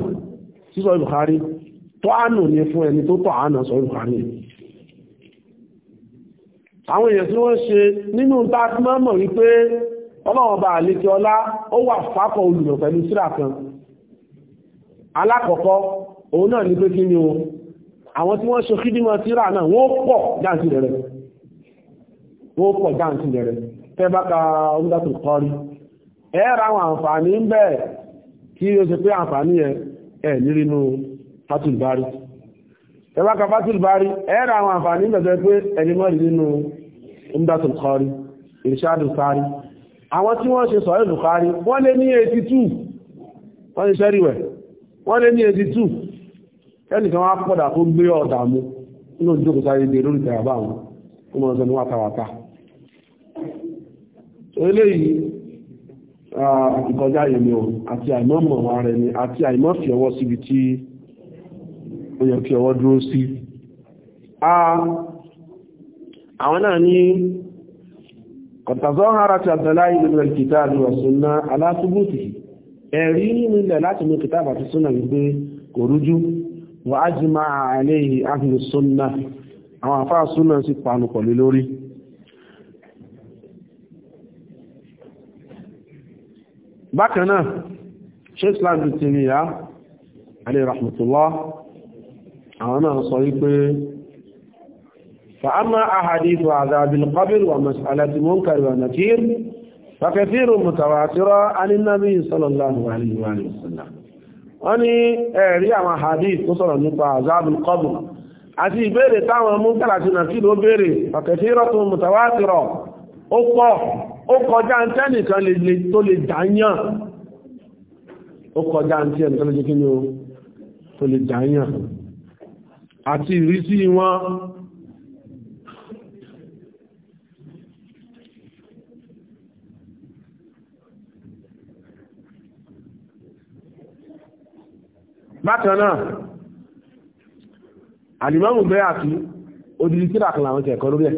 sí sọ Bukhari tọ́ànù ni fún ẹni tó tọ́ànà sọ Bukhari àwọn èèyàn tí wọ́n ṣe nínú tàbí mọ́ wípé ọlọ́wọ́n bá àlékẹ́ ọlá ó wà fákọ̀ ni o àwọn tí wọ́n ṣe kídímọ̀ síra náà ó pọ̀ jáǹtì lẹ̀rẹ̀ tẹ́ bá ka orúdàtò kọrí ẹ̀ẹ́ra àwọn àǹfààní ń bẹ kí ó ṣe pé àǹfààní ẹ̀ ẹ̀ nírínú fatulbari tẹ́ bá ka fatulbari ẹ̀ẹ́ra àwọn àǹfààní bẹ̀rẹ̀ pé ẹni mọ́ nínú orúdàtò kọrí ìrìṣàdù sáré àwọn tí wọ́n ṣe sọ ìlú kárí wọ́n lé ní 82 wọ́n ṣe ṣẹ́ríwẹ̀ wọ́n lé ní 82 ẹnìkan wá pọ̀dà tó gbé ọ̀dà mú inú ìjókòó sáré dé lórí tẹ̀yàbá àwọn ọmọ ọ̀sán ni wọ́n tàwàtà eléyìí ìkọjá yẹn ni o àti àìmọ́mọ̀ wa rẹ̀ ni àti àìmọ́fì ọwọ́ síbi tí ó yẹ kí ọwọ́ dúró sí àwọn náà ní kọ̀tàzọ́ hara ti àtàláyé nínú ìkìtà àdúrà súnná alásùbùtì ẹ̀rí nínú ilẹ̀ láti mú kìtà àti súnná wípé kò bákan náà sheikh islam bin timiya alayhi rahmatullah àwọn náà sọ wípé fa'amma ahadithu azabil qabr wa mas'alati munkar wa nakir fa kathirun mutawatira anin nabi sallallahu alaihi wa sallam wọ́n ní ẹ̀rí àwọn hadith tó ó pọ̀ ó kọjá tẹ́nìkan tó lè dáyàn ó kọjá tẹ́nìkan lè kí ni ó tó lè dáyàn àti ìrísí wọn bákanáà àlìmọ́mù bẹ́ àti odìlítìrà kan láwọn tẹ̀kọ́ lórí ẹ̀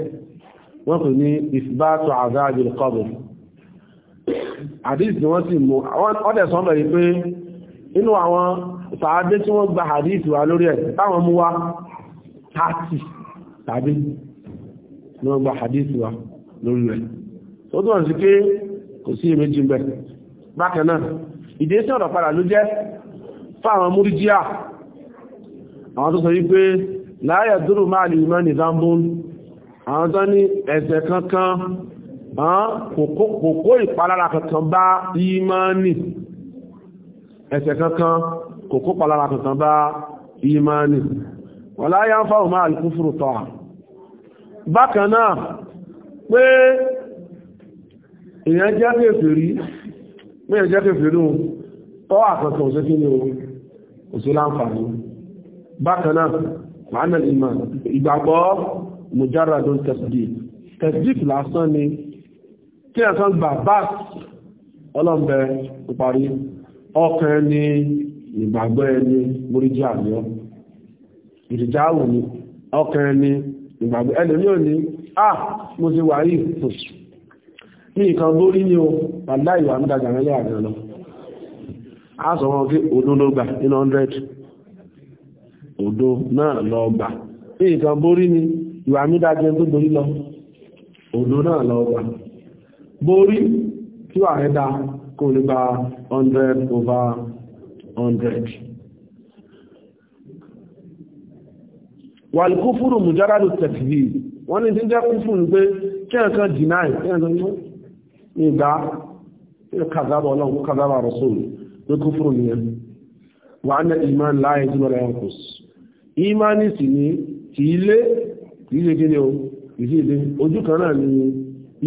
wọ́n pè ní ìsìbáàtò àzáàjì kọbù hadith ni wọ́n sì mú ọ́dẹ̀ sọ́bẹ̀ yìí pé inú àwọn sàádé tí wọ́n gba hadith wà lórí ẹ̀ táwọn mú wá 30 tàbí ni wọ́n gba hadith wà lórí rẹ̀ ó dùn sí pé kò sí èméjì ń bẹ̀ bákan náà ìdí sí ọ̀rọ̀ padà ló jẹ́ fáwọn múríjíà àwọn tó sọ wípé láyẹ̀ dúró máa lè mọ́ nìzambónú àwọn tó ní ẹ̀ṣẹ̀ kankan kò kó ìpalára kankan bá ìmánì ẹ̀ṣẹ̀ kankan kò kó ìpalára kankan bá ìmánì wọ́n láyá ń fáwọn máa kúfùrù tọ́ bákan náà pé èèyàn jẹ́ kèfèrí mẹ́rin jẹ́ kèfèrí ohun tọ́ àkàkà òṣèké ní ohun òṣèlá ń fàánú bákan náà màánà ìgbàgbọ́ mujarradun tasdik tasdik lasan ni kí ẹ̀sán gbà bá ọlọ́m̀bẹ ìparí ọkàn ẹni ìgbàgbọ́ ẹni múríjà ní ọ ìrìjà àwò ni ọkàn ẹni ìgbàgbọ́ ẹni ní ah mo ti wà yìí fò ní nǹkan o pàdá ìwà ń dajà mẹ́lẹ́ àgbẹ̀ a sọ 100 odo na lọ gbà ní nǹkan ni ìwà mi dájẹ́ tó borí lọ òdó náà lọ wà borí tí wà rẹ̀ dá lè bá 100 over 100 wàlùkú fúrù mùjáràdù tẹ̀tìlì wọ́n ní tí jẹ́ kún fún pé kí ẹ̀kan deny kí ẹ̀kan ní ìgbà kàzábà ọlọ́run kàzábà rọ̀sọ́lù ló kún fúrù nìyẹn wà ní ìmán láyé tí wọ́n lẹ́yìn kùs ìmánì sì ní kì í kìí ṣe kí ni o kìí ṣe ìdí ojú kan náà ni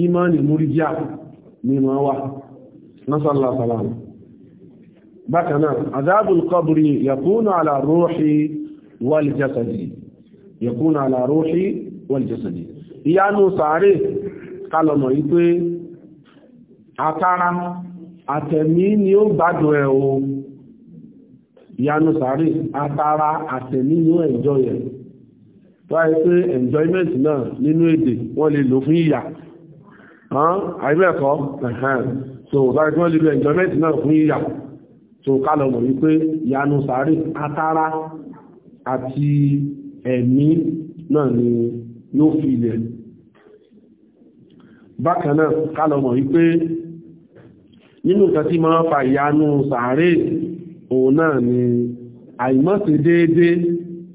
ìmánì múrídíà ni ma wà nasalla salam bákan náà azabul qabri yakuna ala ruhi wal jasadi yakuna ala ruhi wal jasadi ìyanu sàárè kalọ̀mọ̀ yí àtàrà àtẹ̀mí ni ó gbádùn ẹ̀ o ìyanu sàárè àtàrà àtẹ̀mí ni ó ẹ̀jọ́ yẹ̀ báyìí pé enjoyment náà nínú èdè wọ́n lè lò fún ìyà àìbẹ̀ẹ̀kọ́ so báyìí pé wọ́n lè lò enjoyment náà fún ìyà so kálọ̀ mọ̀ wípé ìyanu sáré atara àti ẹ̀mí náà ni yóò fi ilẹ̀ bákan náà kálọ̀ mọ̀ wípé nínú nǹkan tí máa ń fa ìyanu sáré òun náà ni àìmọ́sí déédéé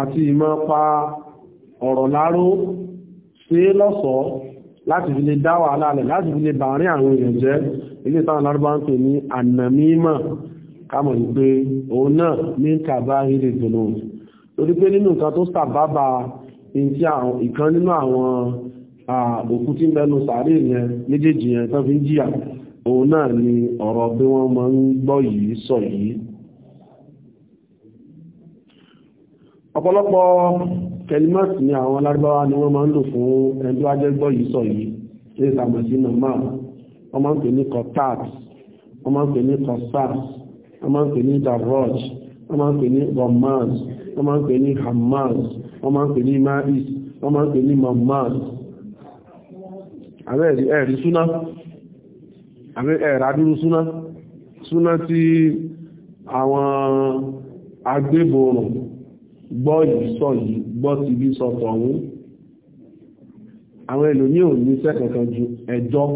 àti ìmọ̀ pa ọ̀rọ̀ láró ṣe lọ́sọ̀ọ́ láti fi lè dá wàhálà rẹ̀ láti fi lè bàárín àwọn èèyàn jẹ́ ilé táwọn lárúbá ń pè ní ànàmímọ̀ kámọ̀ ìgbé òun náà ní kàbá ilé ìdùnnú torí pé nínú nǹkan tó sàbábà ìkan nínú àwọn òkú tí ń bẹnu sàárè yẹn méjèèjì yẹn tó fi ń jìyà òun náà ni ọ̀rọ̀ bí wọ́n máa ń gbọ́ yìí sọ yìí ọ̀pọ̀lọpọ̀ kẹlimọ́sì ni àwọn alárúbáwá ni wọ́n máa ń lò fún ẹni tó ajẹ́gbọ́ yìí sọ yìí ṣe ìsàmọ̀ sí normal wọ́n máa ń pè ní cortat wọ́n máa ń pè ní corsat wọ́n máa ń pè ní daroj wọ́n máa ń pè ní romans wọ́n máa ń pè ní hamas wọ́n máa ń pè ní maris wọ́n máa ń pè ní mamman àbẹ́ ẹ̀rí súná àbẹ́ ẹ̀rádúrú súná súná tí àwọn agbébòrùn gbọ́ yìí sọ yìí gbọ́ ti bí sọ tọ̀hún àwọn ẹlòmí ò ní sẹ́kọ̀ọ̀kan ju ẹjọ́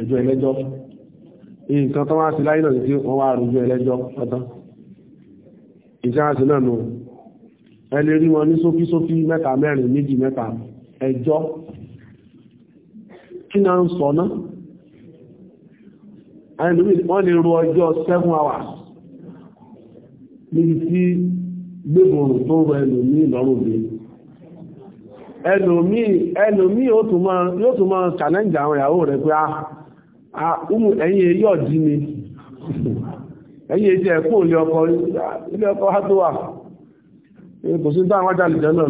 ẹjọ́ ẹlẹ́jọ́ nǹkan tó wá sí láyé náà tí wọ́n wá rújú ẹlẹ́jọ́ ọ̀tán ìṣáàsì náà nù ẹ lè rí wọn ní sófísófí mẹ́ta mẹ́rin méjì mẹ́ta ẹjọ́ kí náà ń sọ náà wọ́n lè ro ọjọ́ seven hours níbi tí gbébòrò tó rọ ẹlòmí lọ́rùn bí ẹlòmí ẹlòmí yóò tún challenge àwọn ìyàwó rẹ̀ pé ààmù ah, ah, ẹ̀yìn èyí ọ̀dí ni ẹ̀yìn èyí ẹ̀kú ilé ọkọ̀ ha tó wà kò sí dáwọn lè náà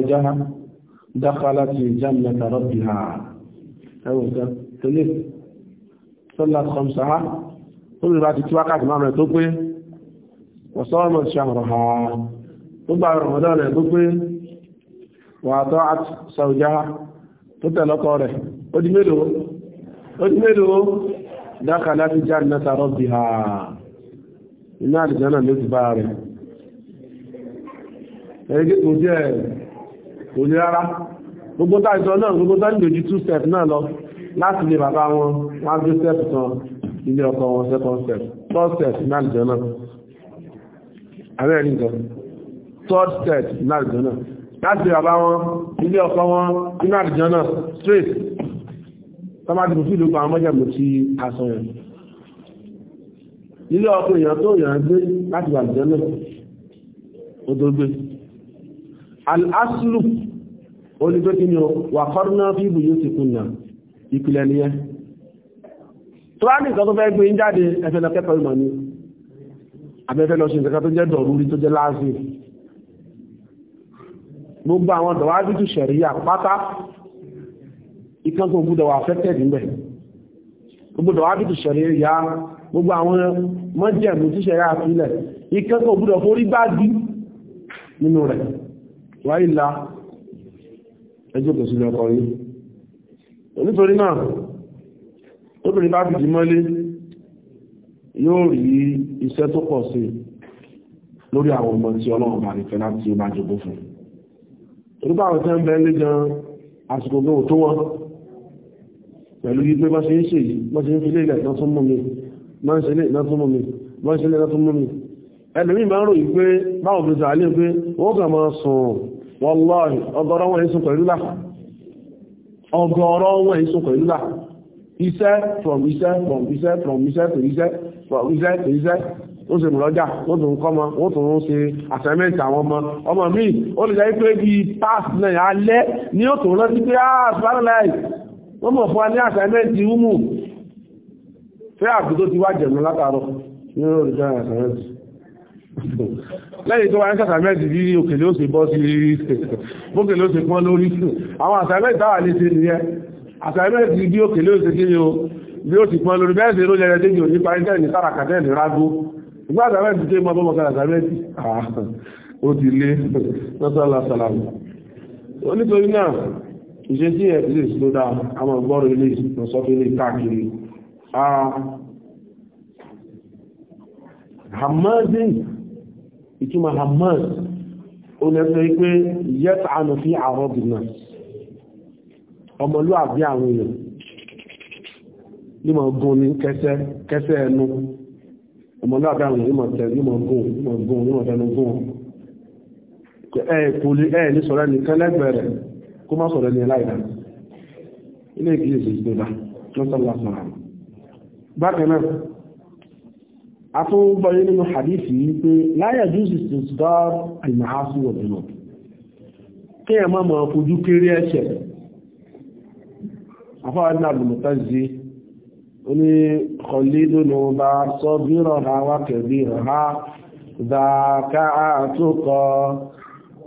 lọ ọ̀rọ̀ dákàlá ti jẹ́mìnà tààrọ bí ha ẹwọ̀n kan tó lè sọ́lá kọmsá olùrà ti tí wákàtí máa rẹ̀ tó pé wọ̀sọ́ọ̀mọ̀ ṣàmùrọ̀ ha tó bá rọ̀mọ́dọ́ rẹ̀ tó pé wà tọ́ àti sàújá tó tẹ̀lọ́kọ rẹ̀ ó kò ní rárá gbogbo táìsọ náà gbogbo tó ń dojú two steps, náà lọ láti lè bàbá wọn wọ́n gbé step kan ilé ọkọ wọn second step third step náà lè jọ náà abẹ́rẹ́ nìkan third step náà lè jọ náà láti bàbá wọn ilé ọkọ wọn nínú àdìjọ náà straight tọ́mátì kò sí ìlú pa àwọn mọ́jàmù tí a sọ yẹn ilé ọkọ èèyàn tó èèyàn gbé láti wà àdìjọ náà ó tó gbé al'aslu olùgbẹ́kí ni wà kọ́rùnà fi ibù yóò ti kùnà ìpìlẹ̀ ni ẹ́ tó bá ní ìkan tó fẹ́ gbé ń jáde ẹfẹ́ lọ kẹ́kọ̀ọ́ ìmọ̀ ni abẹ́fẹ́ lọ ṣe nǹkan tó jẹ́ dọ̀rúrí tó jẹ́ láàzì gbogbo àwọn dọ̀wà dúdú ṣẹ̀ríyà pátá ìkan tó gbúdọ̀ wà fẹ́tẹ̀ níbẹ̀ nínú rẹ̀ wáìlá ẹjọ́ kò sílẹ̀ ọkọ̀ yìí onítorí náà tóbìnrin bá fìdí mọ́lé yóò rí iṣẹ́ tó pọ̀ sí lórí àwọn ọmọ tí ọlọ́run bá ní fẹ́lá tí ó bá jogún fún orúkọ àwọn tẹ́ ń bẹ lé gan àsìkò gan ò tó wọn pẹ̀lú yí pé bá ṣe ń ṣe yìí bá ṣe ń fi lé ilẹ̀ tán tún mú mi bá ń ṣe lé ìtàn tún mú mi bá ń ṣe lé ìtàn tún mú mi ẹlòmíì máa ń ròyìn pé báwọn fi sàálẹ̀ pé wọ́n kàn máa sùn wọ́lọ́rì ọgọ́rọ̀ wọn èso pẹ̀lú iṣẹ́ from iṣẹ́ from iṣẹ́ from iṣẹ́ to iṣẹ́ from iṣẹ́ to iṣẹ́ ó sì mọ̀lọ́jà ó tún kọ́ ma ó tún ṣe assignment àwọn ọmọ ọmọ míì ó lè jẹ́ pé bí pass náà alẹ́ ní ó tún rántí pé ah wọ́n mọ̀ fún lẹ́yìn tó wá ń sàtàmẹ́tì bí òkèlé ó sì bọ́ sí bókèlé ó sì pọ́n lórí àwọn àtàmẹ́tì táwà ní ṣe nìyẹn àtàmẹ́tì bí òkèlé ó sì kí ni o bí ó sì pọ́n lórí bẹ́ẹ̀ sí ló jẹrẹ déjì òní parintẹ́ ní sárakàtẹ́ ní rágó ìgbà àtàmẹ́tì tó mọ́ bọ́mọ́ sàtàmẹ́tì ah, ó ti lé lọ́sọ́lá sàlámù onítorí náà ìṣesí ẹ̀ ilé ìṣúná dáa àwọn ìgbọ́rọ̀ ilé ìṣúná káàkiri ah, Hamadin ìtumọ̀ hamad ó lẹ́sẹ̀ pé yẹ́t ànà fi àrọ́ bìnà ọmọlúàbí àwọn èèyàn ní mọ̀ gùn ní kẹsẹ̀ ẹnu ọmọlúàbí àwọn èèyàn ní mọ̀ tẹ̀ ní mọ̀ gùn ní mọ̀ gùn ní mọ̀ tẹnu gùn ẹ kò lè ẹ ní atúgbọ́yé nínú hadisi yìí pé láyà jùsù istisgar al-ma'asi wa dhunub kí ẹ máa máa fojú kéré ẹ̀ṣẹ̀ afọ́wọ́n náà ó ní kọ̀lídó bá sọ bírọ̀ ha wá ha dáka àtúkọ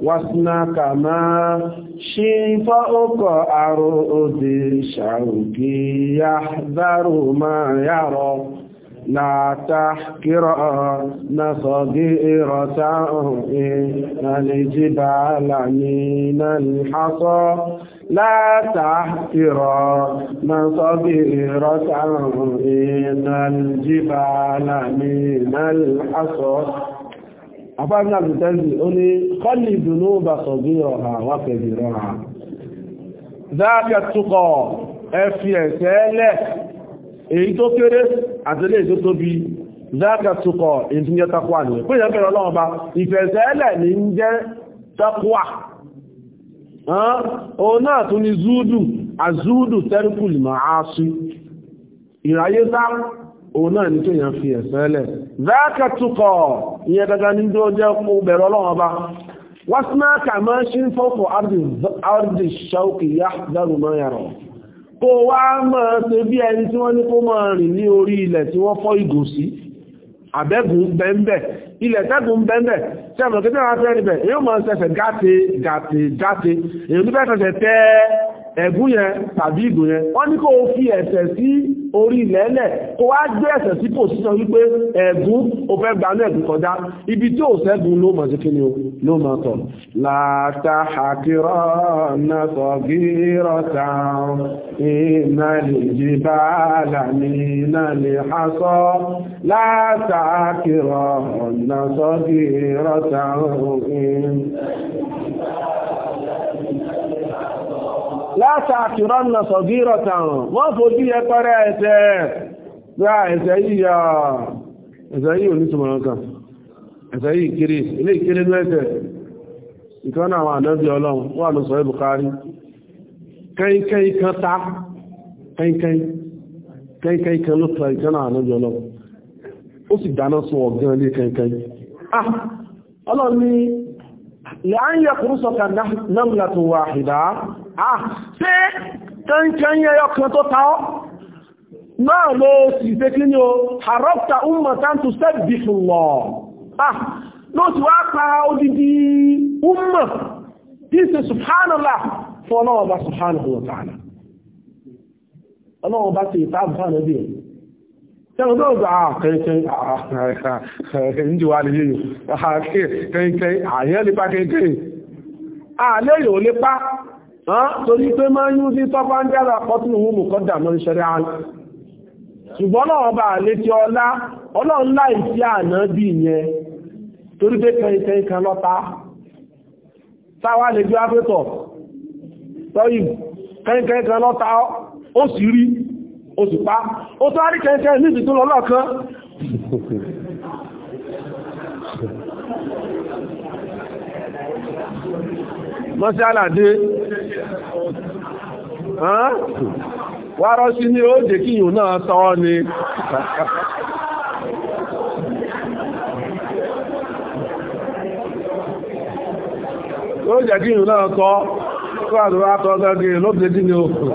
wásíná kàmá ṣí shi àrò òdè ṣàrògì dárò máa yàrọ̀ لا تحكرا نصغيرة إن الجبال من الحصى لا تحكرا نصغيرة إن الجبال من الحصى أفعلنا بالتنزي أولي خلي ذنوب صغيرها وكبيرها ذاك التقى أفيا سالة إيتو كريس àtẹ́lẹ̀ tó tóbi záàkà tukọ̀ ìtúnjẹ́ takwà ní pé ìyẹ́ bẹ̀rẹ̀ ọlọ́ọ̀bá ìfẹ̀sẹ̀ẹ́lẹ̀ ní ń jẹ́ takwà òun náà tún ni zúúdù àzúúdù tẹ́rìkù lè máa sí ìráyé sá òun náà ní kéèyàn fi ẹ̀sẹ̀ẹ́lẹ̀ záàkà tukọ̀ ma dandan ní tó jẹ́ bẹ̀rẹ̀ ọlọ́ọ̀bá wọ́n sì máa kà kó wá máa ṣe bí ẹni tí wọ́n ní kó máa rìn ní orí ilẹ̀ tí wọ́n fọ́ ìgò sí àbẹ́gùn bẹ́ẹ̀bẹ̀ ilẹ̀ tẹ́gùn bẹ́ẹ̀bẹ̀ tí a mọ̀ kí tí wọ́n fẹ́ níbẹ̀ èyí ò máa ṣẹ̀ṣẹ̀ gáte gáte gáte èyí ò fẹ́ ṣẹ̀ṣẹ̀ tẹ́ ẹ̀gún yẹn tàbí ìgùn yẹn wọ́n ní kó o fi ẹ̀sẹ̀ sí orí ilẹ̀ẹ́lẹ̀ kó wá gbé ẹ̀sẹ̀ sí pòsíṣàn wípé ẹ̀gún o fẹ́ gbanú ẹ̀gún kọjá ibi tí ò sẹ́gun ló mọ̀ sí kí o ló mọ̀ tọ̀ látàkìrọ̀ nàtọ̀ gírọ̀ tàn iná lè jí bá làmì iná lè hásọ́ látàkìrọ̀ nàtọ̀ gírọ̀ tàn iná lè jí bá látàkìrọ́ a sọ̀gírọ̀ tàrùn wọ́n fojú yẹ ya ẹ̀ṣẹ̀ gba yìí ò ní túnmọ̀ kan ẹ̀ṣẹ̀ yìí kiri ilé ìkiri mẹ́sẹ̀ ìkan náà àwọn ọlọ́run wà ló sọ ibùkárí kẹ́kẹ́ kan ta kẹ́kẹ́ kan ló tọ ìkan náà ànábì ọlọ́run ó sì dáná sun ọ̀gán ilé kẹ́kẹ́ ah! ọlọ́run ni lẹ́yìn kúrúsọ̀kà náà tó wà ìdá ṣé kẹ́ńkẹ́ yẹn ọkàn tó ta ọ́ náà ló sì fẹ́ kí ní o àrọ́pta ummatan tó sẹ́bì fún lọ ló ti wá pa odidi umma tí ṣe subhanallah fún ọlọ́wọ́ bá subhanahu wa ta'ala ọlọ́wọ́ bá ti ìta àbúfàànà bí ẹ̀ tẹ́lẹ̀ tó gbà kẹ́kẹ́ ìjìwà lè yìí kẹ́kẹ́ àyẹ́ lè pa kẹ́kẹ́ àlẹ́ yóò lè pa torí pé máa ń yú tọ́pá ń dára pọ́tún òun mùkọ́ dàmọ́ ìṣẹ́rẹ́ àánú ṣùgbọ́n náà ọba àlétí ọlá ọlọ́run láì àná bí ìyẹn torí pé kẹrìkẹrì kan lọ́ta ó sì rí ó tó rí mọ́sálà dé wárọ́ sí ní ó jẹ́ kí yìí náà tọ́ ni ó jẹ́ kí yìí náà tọ́ tó àdúrà tọ́ gẹ́gẹ́ lóbi dí ní òkú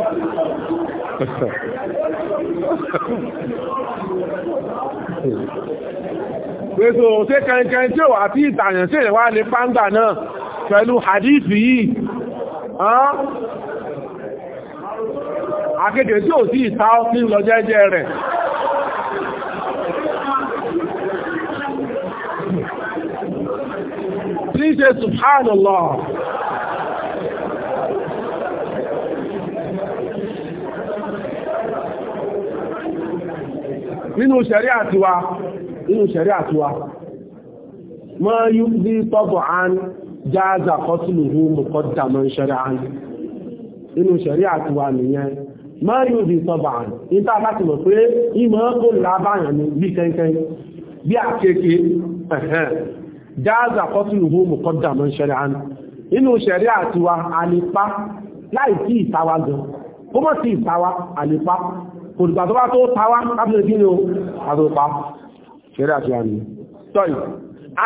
pẹ̀sọ̀ òṣèkẹ́kẹ́ tí ó wà tí ìtàyàn sí ìwà ní pàǹdà náà pẹ̀lú hadithi yìí akéde tí ò sí ìta ọ́pín lọ jẹ́jẹ́ rẹ̀ tí ṣe subhanallah nínú ṣẹ̀rí àtiwá nínú ṣẹ̀rí àtiwá ma yú ní tọ́bọ̀ ánì jáàzà kọtùlùhù mọ̀kọ́dà mọ́ ṣẹ̀rẹ̀ àánì inú ṣẹ̀rẹ̀ àti wà nìyẹn mọ́rin òbí sọba àánì níta láti mọ̀ pé ìmọ̀ ó lábáyàn ní bí kẹ́kẹ́ bí àkẹ́kẹ́ jáàzà kọtùlùhù mọ̀kọ́dà mọ́ ṣẹ̀rẹ̀ àánì inú ṣẹ̀rẹ̀ àti wà àlèpá láì sí tawa láti lè bí ni o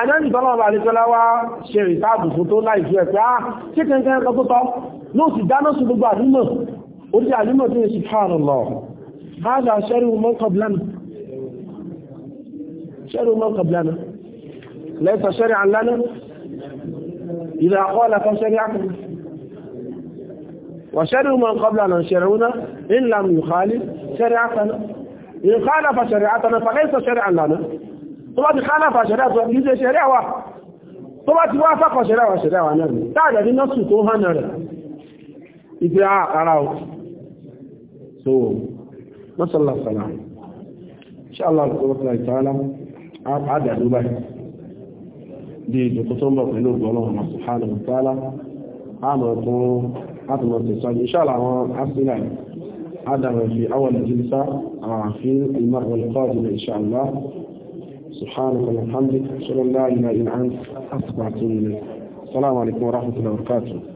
àdáni tọ́lọ́ bá lè tọ́lá wá ṣe ìsáàbù fún tó láì fi ẹ̀pẹ́ ah ṣe kẹ́kẹ́ ẹ̀kọ́ tó tọ́ ló sì dáná sí gbogbo àdúmọ̀ orí àdúmọ̀ tó yẹ sí fààrùn lọ hádà ṣẹ́rù mọ́kànblánà ṣẹ́rù mọ́kànblánà lẹ́sà ṣẹ́rì àlánà ìlà àkọọ́lá kan ṣẹ́rì àkùn وشر من قبلنا شرعنا إن لم يخالف شريعتنا إن خالف شريعتنا فليس شرعا لنا tó bá ti kálàfà ṣẹ̀dá tó ní ṣe ṣẹ̀dá wà tó bá ti wá fàkọ̀ ṣẹ̀dá wà ṣẹ̀dá wà náà ní táàdà ní nọ́sù tó hànà rẹ̀ ibi ara ah, o so masallah salam inshallah ko wa ta'ala ada dubai di dokuto mba pẹ̀lú ọlọ́run subhanahu wa ta'ala هذا في أول جلسة في المرة القادمة إن شاء الله سبحانك وبحمدك أشهد أن لا إله إلا أنت أستغفرك السلام عليكم ورحمة الله وبركاته